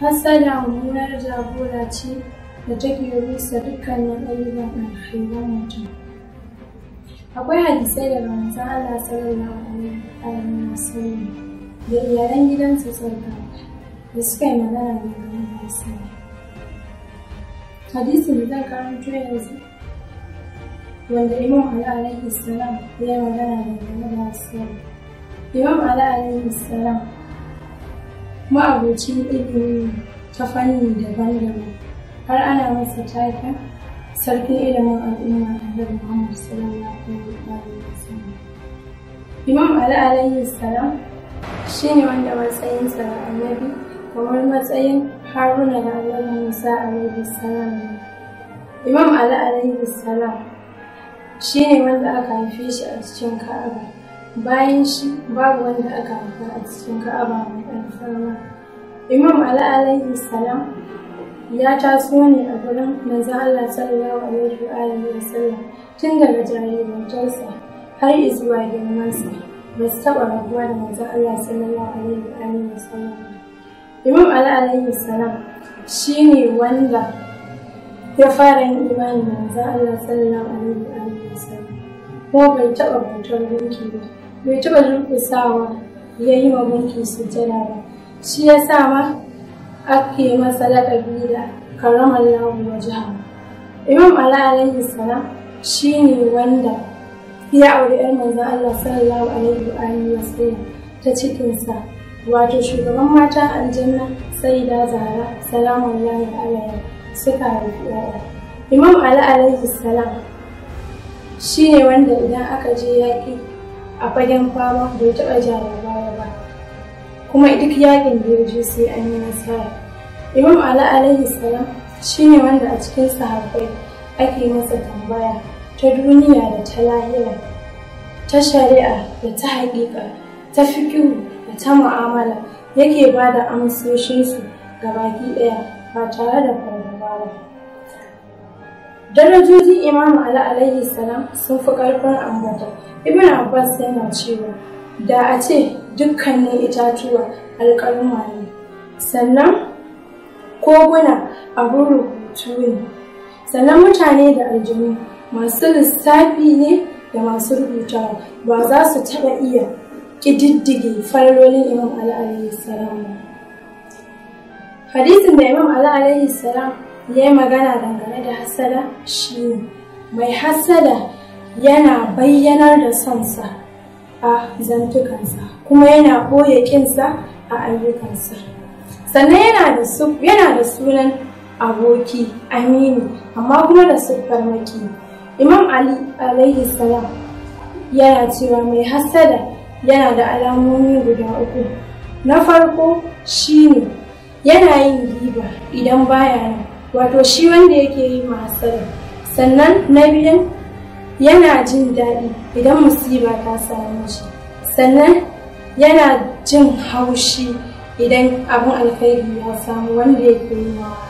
Hassada mummunar jagora ce da take rusa dukkanin ayyukan alkhairan mutum. Akwai hadisai daga manzon Allah sallallahu alaihi wa sallam da iyalan gidansa tsarkaka da suka yi magana da game da sallah. da zan karanto yanzu wanda Imam Ali alaihi salam ya yi magana da game da Imam alaihi salam ma'abocin ilimi ta fanni daban-daban har ana masa taken sarkin ilimin al'umma a da muhammadu sallallahu alaihi wasallam Imam Ali alaihi salam ne wanda matsayin sa annabi kamar matsayin Haruna da Annabi Musa alaihi salam Imam Ali alaihi salam ne wanda aka haife shi a cikin Ka'aba bayan shi babu wanda aka haifa a cikin ka'aba mai alfarma imam ali alaihi salam ya taso ne a gurin manzo Allah sallallahu alaihi wa alihi wa sallam tun daga jarirantarsa har zuwa girmansa ba su taɓa rabuwa da manzo Allah sallallahu alaihi wa alihi wa sallam imam ali alaihi salam ne wanda ya fara yin imani manzo Allah sallallahu alaihi wa alihi wa sallam ko bai taɓa bautar gunki ba bai taɓa durƙusawa ya yi ma gunki sujjada ba shi ya sa ma ake masa da da karamar lahu wa jihar imam ala salam shi ne wanda ya auri 'yan manzon allah sallallahu alaihi wa alihi wa sallam ta cikinsa wato shugaban mata aljanna sai da zara salamun lahi alaihi suka haifi yaya imam ala alaihi salam shi ne wanda idan aka je yaƙi a fagen fama bai taɓa jarabawa ba kuma duk yaƙin da ya je sai an yi nasara imam ala alayhi salam shi wanda a cikin sahabbai ake masa tambaya ta duniya da ta lahira ta shari'a da ta haƙiƙa ta fikiru da ta mu'amala yake ba da amsoshinsu ga baki ɗaya ba tare da fargaba ba Darajojin Imam ala alaihi salam sun fi ƙarfin ambata. Ibn Abbas yana cewa da a ce dukkanin itatuwa alƙaluma ne. Sannan koguna abin rubutu ne. Sannan mutane da aljanu masu lissafi ne da masu rubuta ba za su taɓa iya ƙididdige farolin Imam ala alaihi salam. Hadisin da Imam ala alaihi salam ya yi magana dangane da hassada shi ne mai hassada yana bayyanar da sonsa a zantukansa kuma yana ɓoye ƙinsa a ayyukansa sannan yana da sunan aboki aminu amma kuma da siffar maki imam ali alaihi salam yana cewa mai hassada yana da alamomi guda uku na farko shine yana yin giba idan baya nan wato shi wanda yake yi hasara sannan na biyan yana jin daɗi idan musiba ta samu shi sannan yana jin haushi idan abin alfahari ya samu wanda yake yi wa